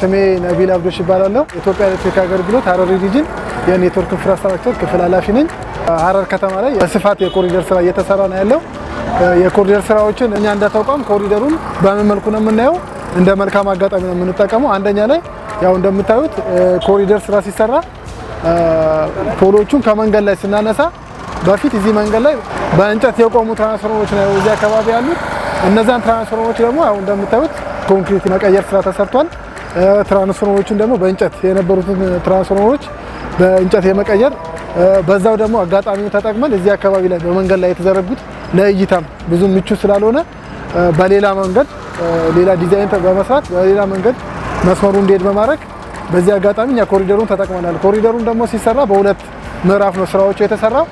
ስሜ ነቢል አብዶሽ ይባላለሁ። የኢትዮጵያ ኤሌክትሪክ አገልግሎት ሀረሪ ሪጅን የኔትወርክ ኢንፍራስትራክቸር ክፍል ኃላፊ ነኝ። ሀረር ከተማ ላይ በስፋት የኮሪደር ስራ እየተሰራ ነው ያለው። የኮሪደር ስራዎችን እኛ እንደ ተቋም ኮሪደሩን በምን መልኩ ነው የምናየው? እንደ መልካም አጋጣሚ ነው የምንጠቀመው። አንደኛ ላይ ያው እንደምታዩት ኮሪደር ስራ ሲሰራ ፖሎቹን ከመንገድ ላይ ስናነሳ በፊት እዚህ መንገድ ላይ በእንጨት የቆሙ ትራንስፎርሞች ነው እዚህ አካባቢ ያሉት። እነዛን ትራንስፎርሞች ደግሞ ያው እንደምታዩት ኮንክሪት መቀየር ስራ ተሰርቷል። ትራንስፎርመሮችን ደግሞ በእንጨት የነበሩትን ትራንስፎርመሮች በእንጨት የመቀየር በዛው ደግሞ አጋጣሚውን ተጠቅመን እዚህ አካባቢ ላይ በመንገድ ላይ የተዘረጉት ለእይታም ብዙ ምቹ ስላልሆነ በሌላ መንገድ ሌላ ዲዛይን በመስራት በሌላ መንገድ መስመሩ እንዲሄድ በማድረግ በዚህ አጋጣሚ እኛ ኮሪደሩን ተጠቅመናል። ኮሪደሩን ደግሞ ሲሰራ በሁለት ምዕራፍ ነው ስራዎቹ የተሰራው።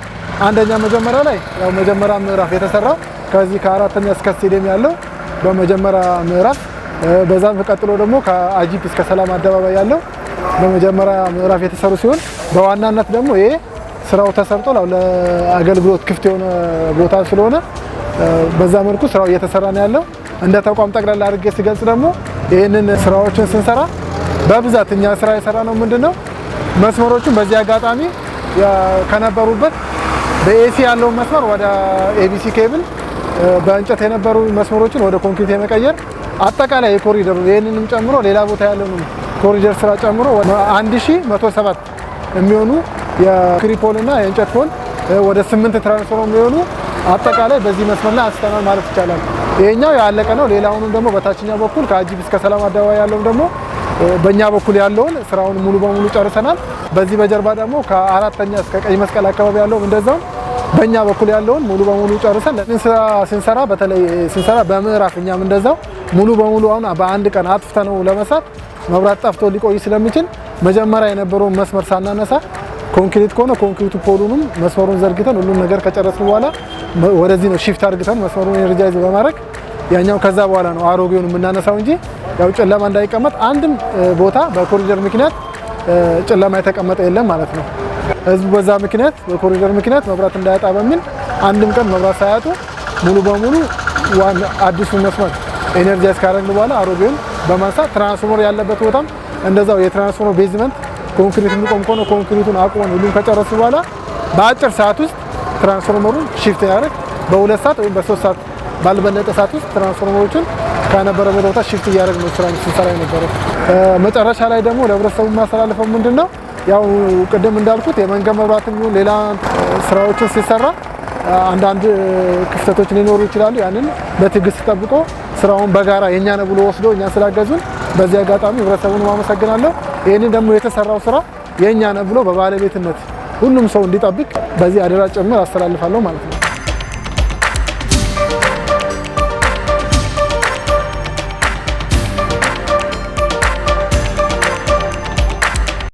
አንደኛ መጀመሪያ ላይ ያው መጀመሪያ ምዕራፍ የተሰራው ከዚህ ከአራተኛ እስከ ስቴዲየም ያለው በመጀመሪያ ምዕራፍ በዛም ተቀጥሎ ደግሞ ከአጂፕ እስከ ሰላም አደባባይ ያለው በመጀመሪያ ምዕራፍ የተሰሩ ሲሆን በዋናነት ደግሞ ይሄ ስራው ተሰርቶ ለአገልግሎት ክፍት የሆነ ቦታ ስለሆነ በዛ መልኩ ስራው እየተሰራ ነው ያለው። እንደ ተቋም ጠቅላላ አድርጌ ሲገልጽ ደግሞ ይህንን ስራዎችን ስንሰራ በብዛት እኛ ስራ የሰራ ነው ምንድን ነው መስመሮቹን በዚህ አጋጣሚ ከነበሩበት በኤሲ ያለውን መስመር ወደ ኤቢሲ ኬብል በእንጨት የነበሩ መስመሮችን ወደ ኮንክሪት የመቀየር አጠቃላይ የኮሪደር ይህንንም ጨምሮ ሌላ ቦታ ያለውን ኮሪደር ስራ ጨምሮ 1107 የሚሆኑ የክሪፖል እና የእንጨት ፖል ወደ ስምንት ትራንስፎርም የሚሆኑ አጠቃላይ በዚህ መስመር ላይ አንስተናል ማለት ይቻላል። ይሄኛው ያለቀ ነው። ሌላውንም ደግሞ በታችኛው በኩል ከአጂብ እስከ ሰላም አደባባይ ያለውን ደግሞ በእኛ በኩል ያለውን ስራውን ሙሉ በሙሉ ጨርሰናል። በዚህ በጀርባ ደግሞ ከአራተኛ እስከ ቀይ መስቀል አካባቢ ያለውም እንደዛው በእኛ በኩል ያለውን ሙሉ በሙሉ ጨርሰን ስንሰራ በተለይ ስንሰራ በምዕራፍ እኛም እንደዛው ሙሉ በሙሉ አሁን በአንድ ቀን አጥፍተ ነው ለመስራት መብራት ጠፍቶ ሊቆይ ስለሚችል መጀመሪያ የነበረውን መስመር ሳናነሳ ኮንክሪት ከሆነ ኮንክሪቱ ፖሉንም መስመሩን ዘርግተን ሁሉም ነገር ከጨረስን በኋላ ወደዚህ ነው ሺፍት አድርግተን መስመሩን ኤነርጃይዝ በማድረግ ያኛው ከዛ በኋላ ነው አሮጌውን የምናነሳው እንጂ ያው ጨለማ እንዳይቀመጥ አንድም ቦታ በኮሪደር ምክንያት ጨለማ የተቀመጠ የለም ማለት ነው። ህዝቡ በዛ ምክንያት በኮሪደር ምክንያት መብራት እንዳያጣ በሚል አንድም ቀን መብራት ሳያጡ ሙሉ በሙሉ አዲሱ መስመር ኤነርጃይዝ ካደረግን በኋላ አሮጌውን በማንሳት ትራንስፎርመር ያለበት ቦታም እንደዛው የትራንስፎርመር ቤዝመንት ኮንክሪት የሚቆም ከሆነ ኮንክሪቱን አቁመን ሁሉም ከጨረሱ በኋላ በአጭር ሰዓት ውስጥ ትራንስፎርመሩን ሺፍት ያደረግ በሁለት ሰዓት ወይም በሶስት ሰዓት ባልበለጠ ሰዓት ውስጥ ትራንስፎርመሮችን ከነበረበት ቦታ ሺፍት እያደረግ ነው ስራ ስንሰራ የነበረው። መጨረሻ ላይ ደግሞ ለህብረተሰቡ የማስተላለፈው ምንድን ነው ያው ቅድም እንዳልኩት የመንገድ መብራትም ይሁን ሌላ ስራዎችን ሲሰራ አንዳንድ ክፍተቶች ሊኖሩ ይችላሉ። ያንን በትዕግስት ጠብቆ ስራውን በጋራ የእኛ ነው ብሎ ወስዶ እኛ ስላገዙን በዚህ አጋጣሚ ህብረተሰቡን አመሰግናለሁ። ይህንን ደግሞ የተሰራው ስራ የእኛ ነው ብሎ በባለቤትነት ሁሉም ሰው እንዲጠብቅ በዚህ አደራ ጭምር አስተላልፋለሁ ማለት ነው።